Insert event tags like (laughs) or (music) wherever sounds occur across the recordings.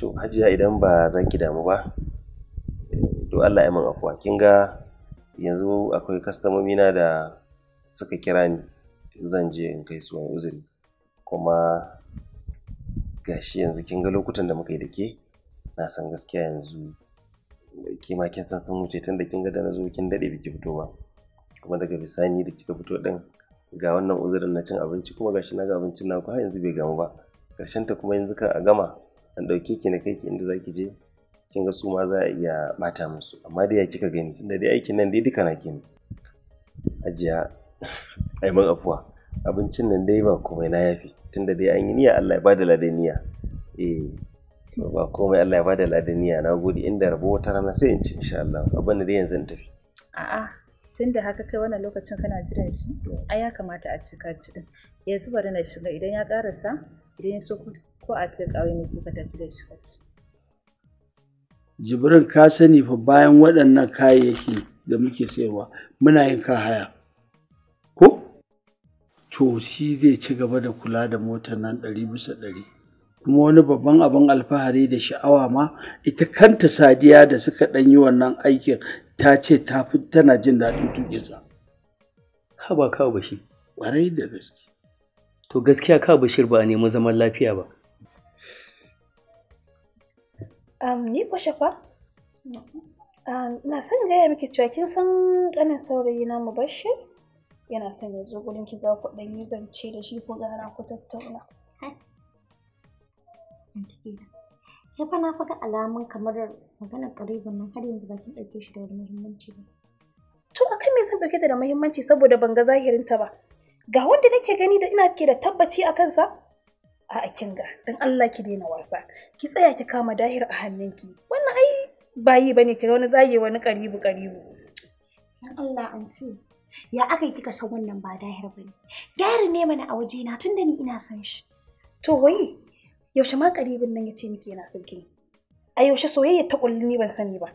To hajiya idan ba zan ki damu ba, to Allah ya min afuwa. Kin ga yanzu akwai kastamomi na da suka kira ni zan je in kai su wani uzuri. Kuma gashi yanzu kin ga lokutan da muka yi da ke, na san gaskiya yanzu ke ma kin san sun wuce tun da kin ga da na zo kin daɗe biki fito ba. Kuma daga bisani da kika fito ɗin ga wannan uzurin na cin abinci kuma gashi na ga abincin naku har yanzu bai gamu ba. Karshen ta kuma yanzu ka a gama an ɗauke ki na kai ki inda za ki je kin ga su ma za a iya ɓata musu amma dai ya kika gani tunda dai aikin nan dai duka na ke ne ajiya (laughs) ai man afuwa abincin nan dai ba komai na yafi tunda dai an yi niyya Allah ya bada ladaniya eh ba komai Allah ya bada ladaniya na gode inda rabo wata rana sai in ci insha Allah abin da dai yanzu in tafi a'a tunda haka kai wannan lokacin kana jiran shi ai ya kamata a cika ci din yanzu bari na shiga idan ya karasa idan ya so ko a ce ƙauye ne suka tafi da shi kaci. Jibrin ka sani fa bayan waɗannan kayayyaki da muke sayarwa muna yin ka haya. Ko? To shi zai ci gaba da kula da motar nan ɗari bisa ɗari. Kuma wani babban abin alfahari da sha'awa ma ita kanta sadiya da suka ɗan yi wannan aikin ta ce ta fi tana jin daɗin tuƙinsa. Haba kawo bashi. Ƙwarai da gaske. To gaskiya kawo bashir ba a neman zaman lafiya ba. ni ko shafa? Na son gaya miki cewa kin san ƙanin saurayi na mu bashir? Yana son ya zo gurin ki za ku ɗan yi zance da shi ko gara ku tattauna. Ya fa na faga alamun kamar maganar ƙaribin nan har yanzu bakin ɗauke shi da muhimmanci ba. To a kan me zan ɗauke ta da muhimmanci saboda ban ga zahirinta ba. Ga wanda nake gani da ina ke da tabbaci a kansa? A'a kinga, dan Allah ki daina wasa. Ki tsaya ki kama dahir a hannunki. Wannan ai bayi bane ki wani zage wani karibu karibu. Dan Allah anti, ya aka yi kika san wannan ba dahir bane. Dahir ne mana a waje na tunda ni ina son shi. To wai, yaushe ma karibin nan yace miki yana son ki? A yaushe soyayya ta kulli ni ban sani ba.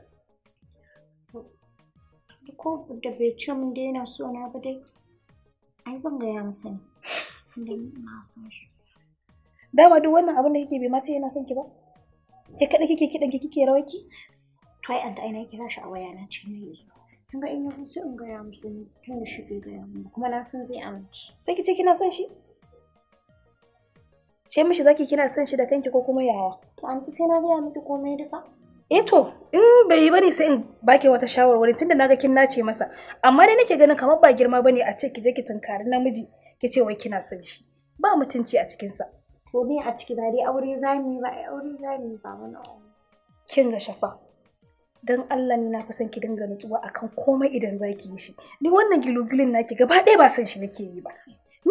Ko da bai ce mun daina so na ba dai. Ai ban ga ya masa ma shi. dama duk wannan abin da kike bai mace yana son ki ba ke kada kike kidan ki kike rawar ki to ai anta aina kira shi a waya na ce ne yanzu kin ga in yi huce in ga ya musu tun shi ke ga ya mu kuma na san zai amince sai kice kina son shi ce mishi zaki kina son shi da kanki ko kuma yawa to anti sai na ga miki komai duka eh to in bai yi bane sai in baki wata shawarwari tunda naga kin nace masa amma dai nake ganin kamar ba girma bane a ce ki je ki tunkari namiji ki ce wai kina son shi ba mutunci a cikinsa. sa gobe a ciki ba dai aure za mu yi ba ai aure za mu yi ba wani kin ga shafa don Allah ni na fi son ki dinga nutsuwa akan komai idan za ki yi shi ni wannan gilugilin naki gaba ɗaya ba san shi nake yi ba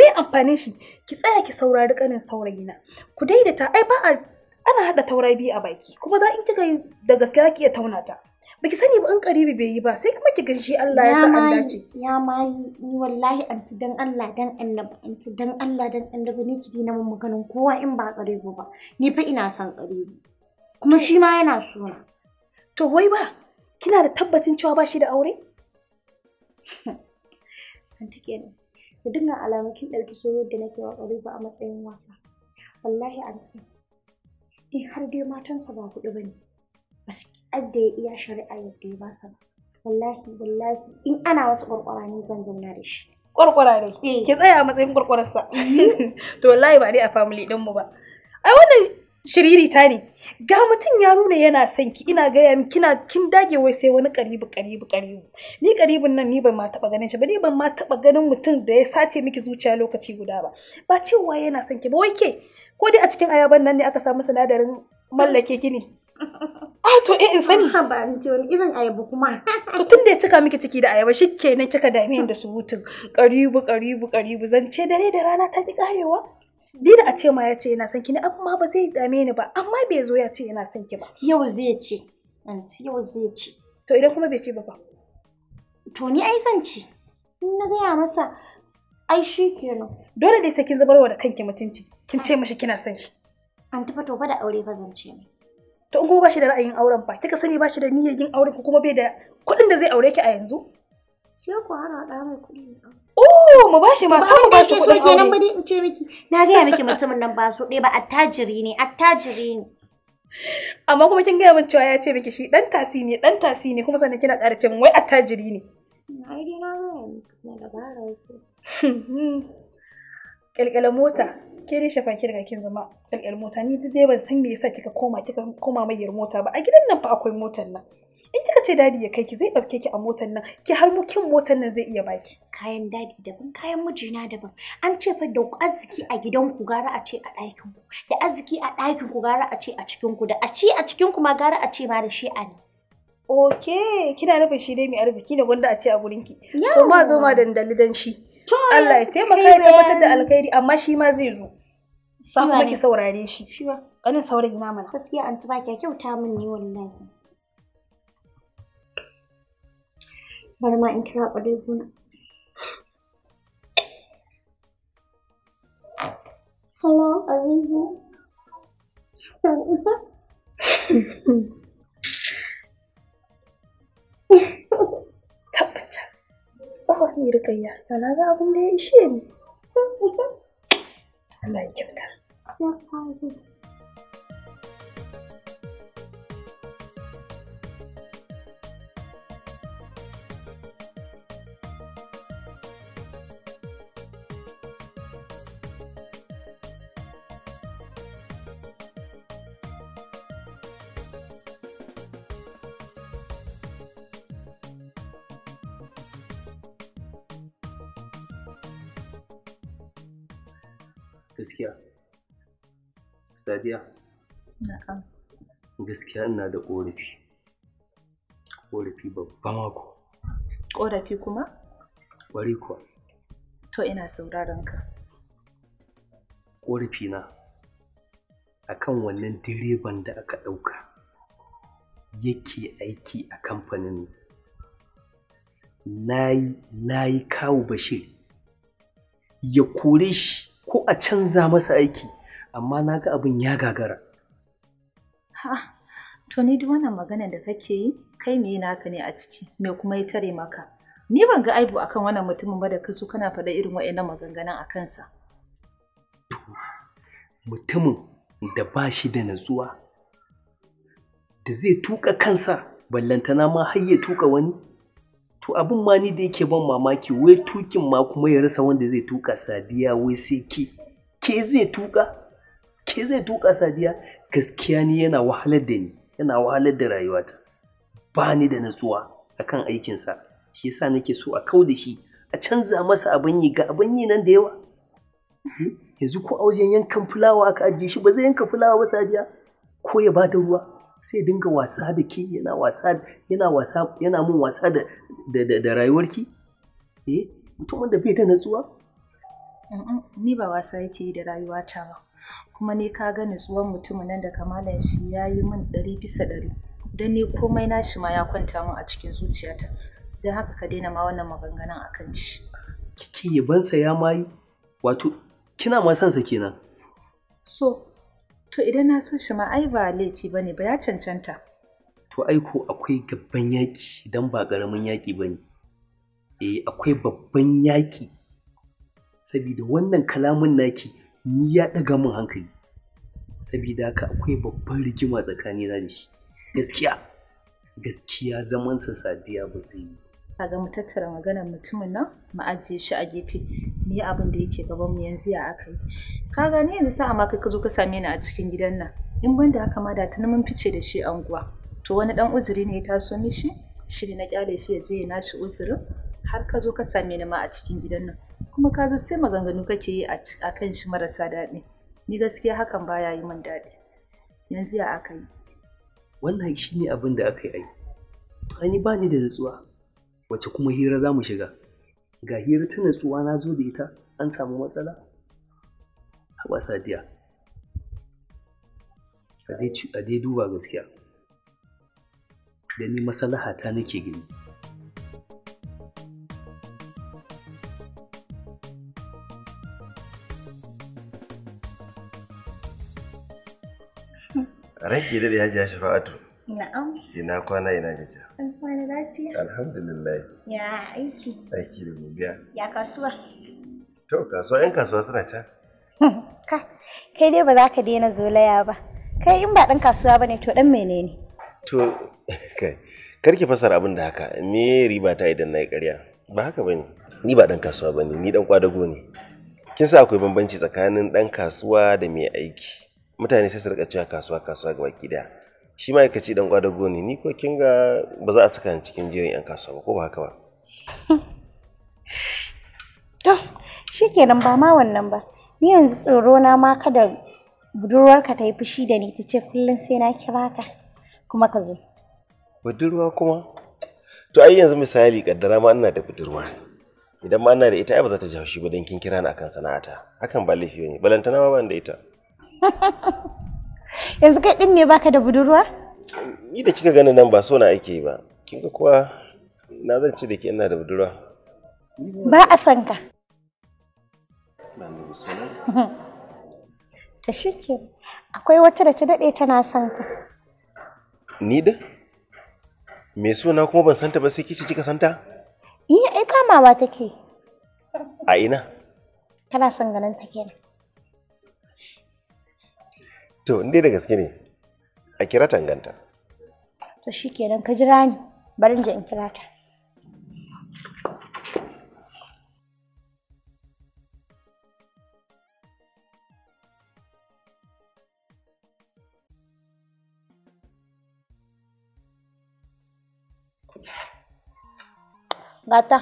me amfanin shi ki tsaya ki saurari kanin saurayi na ku daidaita ai ba a ana haɗa taura biyu a baki kuma za in kika yi da gaske za ki iya tauna ta baki sani ba an karibi bai yi ba sai kuma ki shi Allah ya sa an dace ya ma yi wallahi anti dan Allah dan annabi anti dan Allah dan annabi ne ki dina mun maganin kowa in ba karibi ba ni fa ina son karibi kuma shi ma yana so na to wai ba kina da tabbacin cewa ba shi da aure (laughs) anti kenan ku dinga kin dauki soyayyar da nake wa ƙwari ba a matsayin wasa wallahi an san in har dai matansa ba kuɗi ba ne adda ya iya shari'a yadda ya basa ba wallahi wallahi in ana wasu ƙwarƙwara ne zan zauna da shi Ƙwarƙwara ne eh. ke tsaya a matsayin ƙwarƙwararsa. (laughs) to wallahi ba ne a family din mu ba ai wannan shiririta ne ga mutum ya nuna yana son ki ina gaya min kina kin dage wai sai wani karibu karibu karibu ni karibin nan ni ban ma taɓa ganin shi ba ni ban ma taɓa ganin mutum da ya sace miki zuciya lokaci guda ba ba cewa yana son ki ba wai ke ko dai a cikin ayaban nan ne aka samu sinadarin mallake ki ne (laughs) Ah to eh in sani. Ah, ha ba ni wani irin ayaba kuma. To tun da ya cika miki ciki da ayaba shi kenan kika dame da surutun karibu karibu karibu zance dare da rana ta ki karewa. Dida a ce ma ya ce yana son ki ne amma ba zai dame ni ba amma bai zo ya ce yana son ki ba. Yau zai ce. Anti yau zai ce. To idan kuma bai ce ba fa. To ni ai zan ce. In na gaya masa ai shi Dole dai sai kin zubarwa da kanki mutunci. Kin ce mishi kina son shi. Anti fa to ba da aure fa zan ce mai. to in kuma ba shi da ra'ayin auren ba kika sani ba shi da niyyar yin auren ko kuma bai da kuɗin da zai aure ki a yanzu shi ko har da mai kuɗi ne oh mu ba shi ma ka mu ba shi kuɗin nan ba in ce miki na ga miki mutumin nan ba so dai ba attajiri ne attajiri ne amma kuma kin gaya min cewa ya ce miki shi dan tasi ne dan tasi ne kuma sannan kina ƙara ce wai attajiri ne na dai na ga na labara yake hmm, hmm. ƙyalƙyala mota ke dai shafa daga kin zama ƙyalƙyal mota ni zai ban san me yasa kika koma kika koma mayar mota ba a gidan nan fa akwai motar nan in kika ce dadi ya kai ki zai ɗauke ki a motar nan ki har kin motar nan zai iya baki kayan dadi daban kayan mijina daban an ce fa da arziki a gidan ku gara a ce a ɗakin ku da arziki a ɗakin ku gara a ce a cikin ku da a ci a cikin ku ma gara a ce ma da shi a ne Oke, kina nufin shi dai mai arziki da wanda a ce a gurinki. Kuma zo ma dandali dan shi. Allah ya taimaka ya tabbatar da alkhairi amma shi ma zai zo ba kuma ki saurare shi shi ba kanin saurayi na mana gaskiya anti ba ki kyauta min ne wallahi bari ma in kira ƙwadai gona Hello, Azizu. (laughs) wallahi rikayya da na ga abin da ya ishe ni (laughs) Allah ya kyauta gaskiya sadiya gaskiya ina da ƙorafi ƙorafi babba mako ƙorafi kuma ƙwari kuwa to ina sauraron ka ƙorafi na akan wannan direban da aka ɗauka yake aiki a kamfanin na yi kawo bashir ya kore shi ko a canza masa aiki amma na ga abin ya gagara ha to ni duk wannan maganar da kake yi kai me naka ne a ciki me kuma ya tare maka ni ban ga aibu akan wannan mutumin ba da ka kana faɗa irin wa'annan maganganun a kansa mutumin da ba shi da natsuwa da zai tuka kansa ballantana ma har ya tuka wani to abin ma ni da yake ban mamaki wai tukin ma kuma ya rasa wanda zai tuka sadiya wai sai ke ke zai tuka ke zai tuka sadiya gaskiya ni yana wahalar da ni yana wahalar da rayuwata ba ni da natsuwa akan aikinsa shi yasa nake so a kau da shi a canza masa abin yi ga abin yi nan da yawa hmm? yanzu ko a wajen yankan fulawa aka ajiye shi ba zai yanka fulawa ba sadiya ko ya bata ruwa sai dinga wasa da ke yana wasa yana wasa yana mun wasa da da da rayuwarki eh mutumin da bai da natsuwa ni ba wasa yake yi da rayuwata ba kuma ne ka ga natsuwar mutumin nan da kamalan shi ya yi min ɗari bisa ɗari don ne komai nashi ma ya kwanta min a cikin zuciyata don haka ka daina ma wannan maganganun a kan shi kike yabansa ya mayi wato kina ma sansa kenan so to idan na so shi ma ai ba laifi bane ba ya cancanta to ai ko akwai gabban yaki dan ba ƙaramin yaki bane eh akwai babban yaki saboda wannan kalamin naki ni ya ɗaga min hankali saboda haka akwai babban rigima tsakanina da shi gaskiya gaskiya zamansa sadiya ba zai yi kaga mu tattara maganar mutumin nan mu ajiye shi a gefe mu yi abin da yake gaban mu yanzu ya aka yi ka gani yanzu sa'a ma kai ka zo ka same ni a cikin gidan nan in ban da haka ma da tuni mun fice da shi anguwa to wani dan uzuri ne ya taso mishi shi ne na kyale shi ya je ya nashi uzurin har ka zo ka same ni ma a cikin gidan nan kuma ka zo sai maganganu kake yi a kan shi marasa daɗi ni gaskiya hakan baya yi min daɗi yanzu ya aka yi wannan shi ne abin da aka yi ai yi. ba ni da nutsuwa wace kuma hira za mu shiga ga hira ta natsuwa na zo da ita an samu matsala haɓa sadiya a dai duba gaskiya da ni masalaha ta nake gani ke da ya ji ya shafa'atu. Na'am. Ina kwana ina gajiya. An kwana lafiya. Alhamdulillah. Ya aiki. Aiki da gobiya. Ya kasuwa. To kasuwa ƴan kasuwa suna can. Hmm, ka kai dai ba za ka daina zolaya ba. Kai in ba ɗan kasuwa ba ne to ɗan menene? To (laughs) kai kar ki fasara abin da haka me riba ta idan na yi ƙarya ba haka ba ne ni ba ɗan kasuwa ba ne ni ɗan ƙwadago ne kin sa akwai bambanci tsakanin ɗan kasuwa da mai aiki mutane sai su rika cewa kasuwa kasuwa ga baki daya shi ma'aikaci dan kwadago ne ni ko kin ga ba za a saka ni cikin jerin yan kasuwa ba, ko ba haka ba (laughs) to shikenan ba ma wannan ba ni yanzu tsoro na ma kada budurwarka ta yi fushi da ni ta ce kullum sai na kira ka kuma ka zo budurwa kuma to ai yanzu misali kaddara ma ina da budurwa idan ma ina da ita ai ba za ta ji haushi ba dan kin kira ni akan sana'ata hakan ba laifi ne balantana ma ban da ita (laughs) yanzu kai din ne baka da budurwa ni da kika gani nan ba so na ake ba kin ga kuwa na zan ci da ke ina da budurwa ba a san ka (laughs) ta shike akwai wata da ta dade tana san ka ni da me suna kuma ban santa ba sai kici kika santa iya ai kamawa take a ina kana son ganin ta kenan to dai da gaske ne a kira tanganta to shikenan ka jira ni barin je in kira ta Gata.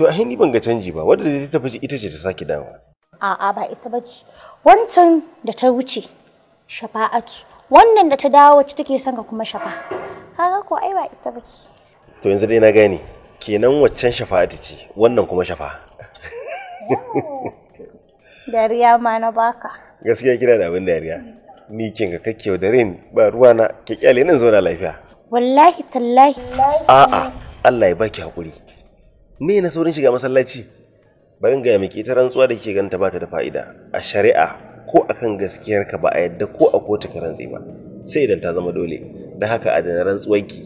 to a ni ban ga canji ba wadda ta tafi ita ce ta sake dawowa a'a ba ita ba ce wancan da ta wuce shafa'atu wannan da ta dawo wacce take son ka kuma shafa kaga ko ai ba ita ba ce to yanzu dai na gane kenan waccan shafa'atu ce wannan kuma shafa dariya ma na baka gaskiya kina da abin dariya ni kin ga kakkewa da rain ba ruwa na ke kyale nan zauna lafiya wallahi tallahi a'a Allah ya baki hakuri me na saurin shiga masallaci bari in gaya ke ta rantsuwa da ke ganta ba ta da fa'ida a shari'a ko akan gaskiyar ka ba a yadda ko a kotu ka rantsi ba sai idan ta zama dole da haka a da rantsuwar rantsuwarki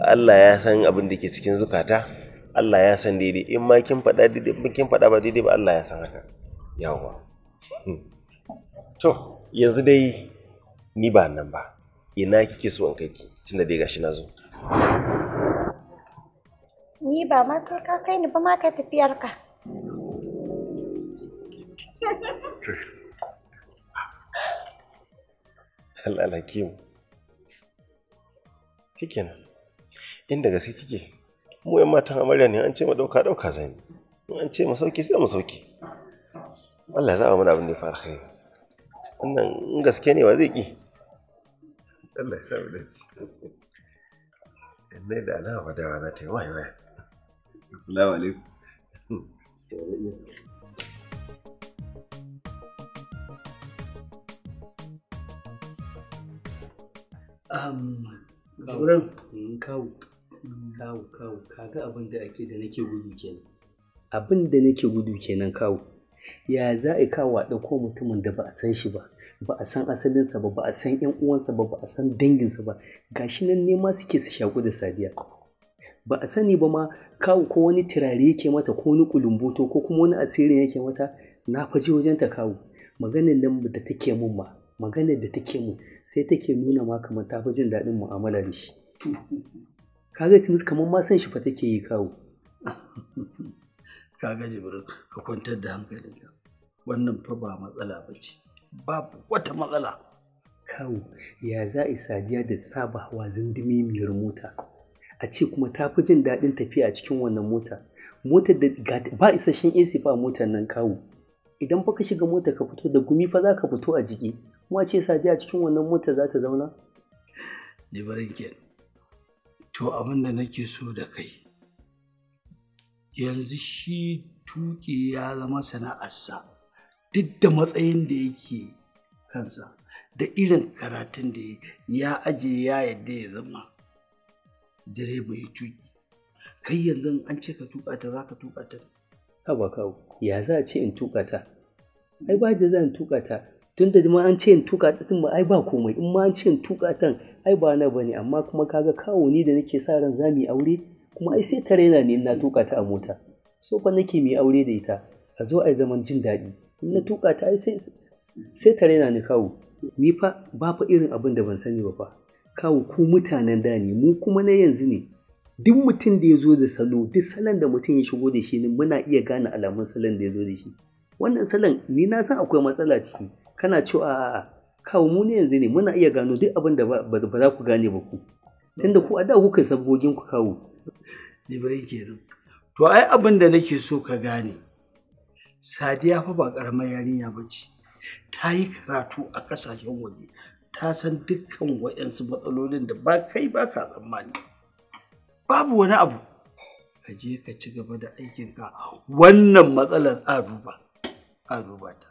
Allah ya san abin da ke cikin zukata Allah ya san daidai in ma kin faɗa daidai in kin faɗa ba daidai ba Allah ya san haka yawa hmm. to yanzu dai ni ba nan ba ina kike so in kai ki tunda dai gashi na zo Ni ba ma kai ka kai ni ba ma kai tafiyar ka. Al'alakim. Shikenan. Inda gaske kike? Mu yan matan amarya ne an ce ma dauka dauka zan In An ce mu sauki sai mu sauki. Allah ya zaba mana abin da ya fara kai. Wannan in gaske ne wa zai ki? Allah ya sa mu dace. Inna da alama dawa na ta yi waya waya. Assalamu alaikum. kawo, kawo, kawo, kaga abin da ake da nake gudu kenan. Abin da nake gudu kenan kawo. Ya za a kawo a ɗauko mutumin da ba a san shi ba, ba a san asalinsa ba, ba a san ‘yan uwansa ba, ba a san danginsa ba, gashi nan nema suke su shaku da sadiya. ba a sani ba ma kawo ko wani turare yake mata ko wani kulumboto ko kuma wani asirin yake mata na faji wajen ta kawo maganin nan da take mun ma maganar da take mun sai take nuna ma kamar ta fi jin daɗin mu'amala da shi kaga tunis kamar ma san shi fa take yi kawo kaga jibrin ka kwantar da hankali. wannan fa ba matsala ba ce babu wata matsala kawo ya za'i sadiya da sabawa hawa zindimi mai mota a ce kuma ta fi jin daɗin tafiya a cikin wannan mota motar da ba isasshen AC ba motar nan kawo idan fa ka shiga mota ka fito da gumi fa za ka fito a jiki kuma ce sa a cikin wannan mota za ta zauna barin ke to abin da nake so da kai yanzu shi tuki ya zama sana'arsa duk da matsayin da yake kansa da irin karatun da ya aje ya yadda ya zama direba ya tuki kai yanzu an ce ka tuka ta za ka tuka ta haba kawo ya za a ce in tuka ta ai ba da in tuka ta tun da ma an ce in tuka ta tun ba ai ba komai in ma an ce in tuka ta ai ba na bane amma kuma kaga kawo ni da nake sa ran za mu yi aure kuma ai sai ta raina ne na tuka ta a mota so fa nake mai aure da ita a zo ai zaman jin daɗi in na tuka ta ai sai ta raina ni kawo ni fa ba fa irin abin da ban sani ba fa kawo ku mutanen da ne mu kuma na yanzu ne duk mutum da ya zo da salo duk salon da mutum ya shigo da shi ne muna iya gane alamun salon da ya zo da shi wannan salon ni na san akwai matsala ciki kana cewa a'a kawo mu ne yanzu ne muna iya gano duk abin da ba za ku gane ba ku tunda ku a da kuka sabogin ku kawo jibril kenan to ai abin da nake so ka gane sadiya fa ba karamar yarinya ba ce ta yi karatu a kasashen waje ta san dukkan waɗansu matsalolin da ba kai ba ka tsammani babu wani abu ka je ka ci gaba da aikinka wannan matsalar a duba a ta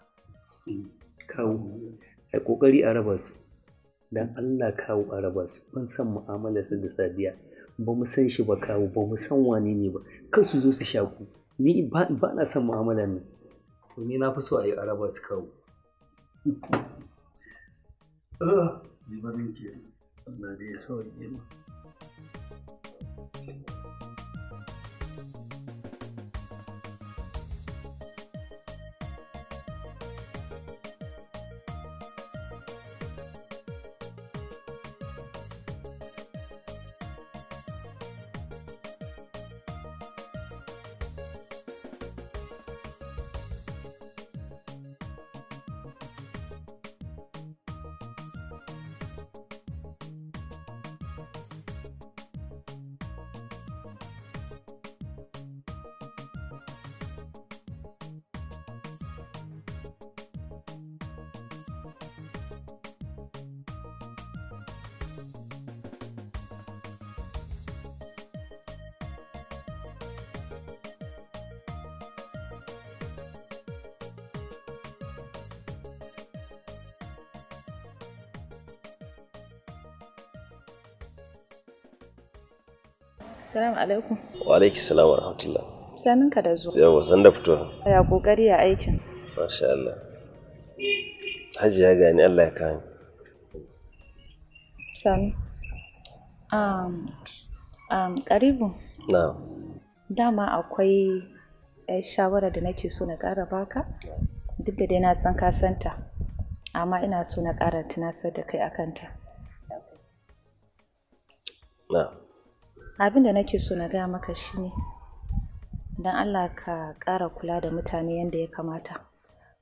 kawo a kokari a raba su dan Allah kawo a raba su ban san mu'amala sun da sadiya ba mu san shi ba kawo ba mu san wani ne ba kar su zo su shaku ni ba na son mu'amalar ne. ni na fi so a yi a raba su kawo jibarin ke Allah da ya sauke Assalamu alaikum. Wa alaikum salam wa rahmatullah. Sanin ka da zuwa. Yawwa san da fito. Ya kokari ya aikin. Masha Allah. Hajji ya gani Allah ya kawo. Sanin. Um, um, karibu. Na'am. Dama akwai eh, shawara da nake so na ƙara baka. Duk da dai na san ka santa. Amma ina so na ƙara tunasar da kai akanta. Na'am. abin da nake so na gaya maka shine don allah ka ƙara kula da mutane yadda ya kamata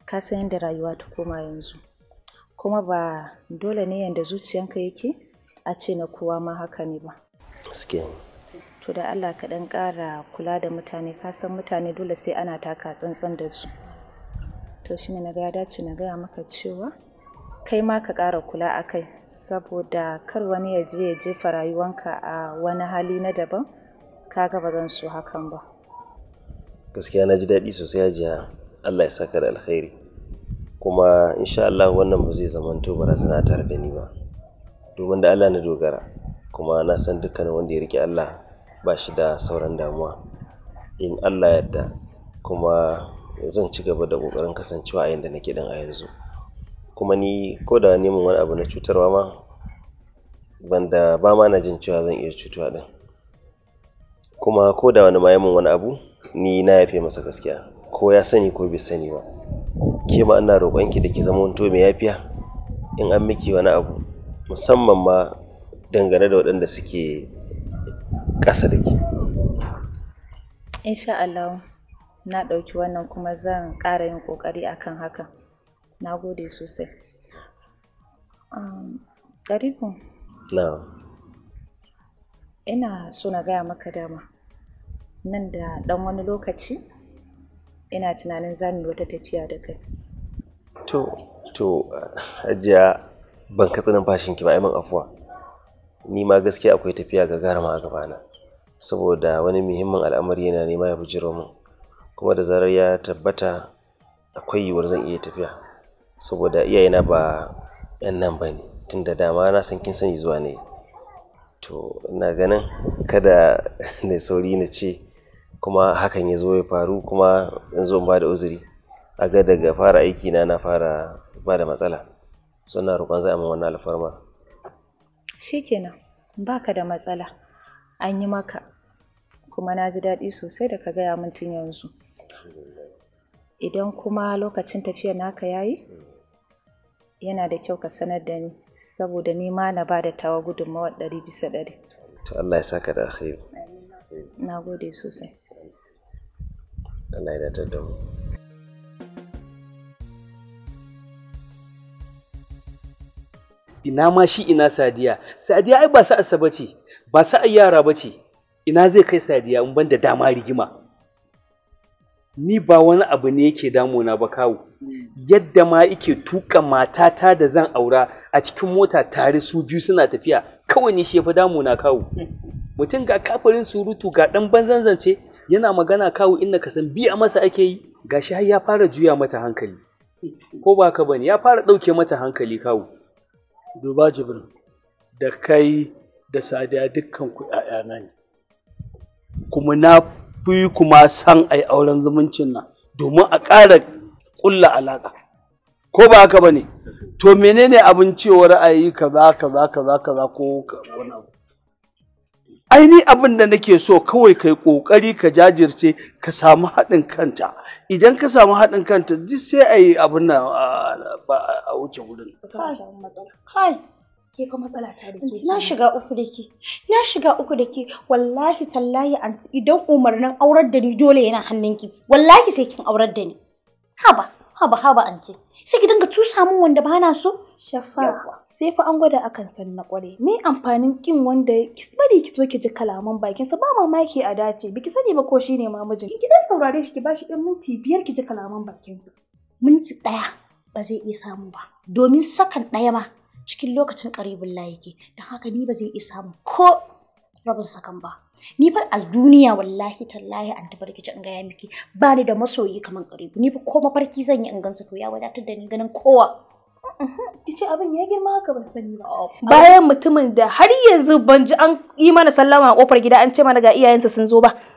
ka san yadda rayuwa ta koma yanzu kuma ba dole ne yadda zuciyanka yake a ce na kowa ma haka ne ba to da allah ka ɗan ƙara kula da mutane ka san mutane dole sai ana taka tsantsan da su to shine na ga dace na gaya maka cewa kai ma ka ƙara kula a kai saboda kar wani ya je ya jefa rayuwanka a wani hali na daban kaga ba zan so hakan ba gaskiya na ji daɗi sosai hajiya allah ya saka da alkhairi kuma insha allah wannan ba zai zamanto barazana tare da ni ba domin da allah na dogara kuma na san dukkanin wanda ya riƙe allah ba shi da sauran damuwa in allah yadda kuma zan ci gaba da ƙoƙarin kasancewa a yadda nake ɗin a yanzu kuma ni ko da neman wani abu na cutarwa ma banda ba ma na jin cewa zan iya cutuwa din kuma ko da wani ma min wani abu ni na yafe masa gaskiya ko ya sani ko bai sani ba ke ma ina roƙon ki da ki zama wanto mai yafiya in an miki wani abu musamman ma dangane da waɗanda suke ƙasa da ke insha Allah na ɗauki wannan kuma zan ƙara yin ƙoƙari akan hakan na gode sosai Garibin. Ina so na gaya maka dama. Nan da ɗan wani lokaci, ina tunanin zan yi wata tafiya da kai. To, to, hajiya ban katsi ki ba, ai min afuwa. Ni ma gaskiya akwai tafiya ga garama a gabana. Saboda wani muhimmin al'amari yana nema ya bujiro min. Kuma da zarar ya tabbata akwai yiwuwar zan iya tafiya. saboda iyayena ba 'yan nan ba ne da dama na san kin sani zuwa ne to ina ganin kada (laughs) na sauri na ce kuma hakan ya zo ya faru kuma in zo ba da uzuri a ga daga fara aiki na na fara bada da matsala suna roƙon za a min wannan alfarma shikenan baka da matsala an yi maka kuma na ji daɗi sosai da ka gaya min tun yanzu idan kuma lokacin tafiyar naka yayi yana da kyau ka sanar da ni saboda ni ma na ba da tawa gudunmawar ɗari bisa ɗari. To Allah ya saka da akhiri. Na gode sosai. Allah ya datar da mu. Ina ma shi ina sadiya, sadiya ai ba ba ce, ba sa yara ce. ina zai kai sadiya in ban da dama rigima. ni ba wani abu ne yake damuna ba kawo yadda ma yake tuka matata da zan aura a cikin mota tare su biyu suna tafiya kawai ni shi ya fi damuna kawo mutum ga kafarin surutu ga dan banzan zance yana magana kawo inda ka san biya masa ake yi gashi har ya fara juya mata hankali ko ba ka bane ya fara ɗauke mata hankali kawo duba jibrin da kai da sadiya dukkan ku 'ya'yana ne kuma na Kuyi kuma san a yi auren zumuncin nan domin a ƙara ƙulla alaƙa ko ba haka ba ne to menene abin cewa ra'ayi kaza kaza kaza kaza ko wani abu aini abin da nake so kawai kai ƙoƙari ka jajirce ka samu haɗin kanta idan ka samu haɗin kanta duk sai ayi yi abin nan a wuce wurin kai ke ta da ke na shiga uku da ke na shiga uku da ke wallahi tallahi anti idan umarnin aurar da ni dole yana hannunki wallahi sai kin aurar da ni haba haba haba anti sai ki dinga tusa min wanda ba na so shafa sai fa an gwada akan san na kware me amfanin kin wanda ki bari ki zo ki ji kalaman bakin sa ba mamaki a dace biki sani ba ko shine mamijin ki dan saurare shi ki bashi ɗan minti biyar ki ji kalaman bakin sa minti ɗaya ba zai iya samu ba domin sakan ɗaya ma cikin lokacin karibin layiki don haka ni ba zai iya samu ko rabin sakan ba ni fa a duniya wallahi tallahi an tabarki in gaya miki ba ni da masoyi kamar karibu ni fa ko mafarki zan yi in gansa to ya wadatar da ni ganin kowa mm-hmm. ce abin ya girma haka ban sani ba. Bayan mutumin da har yanzu ban ji an yi mana sallama a kofar gida an ce mana ga iyayensa sun zo ba.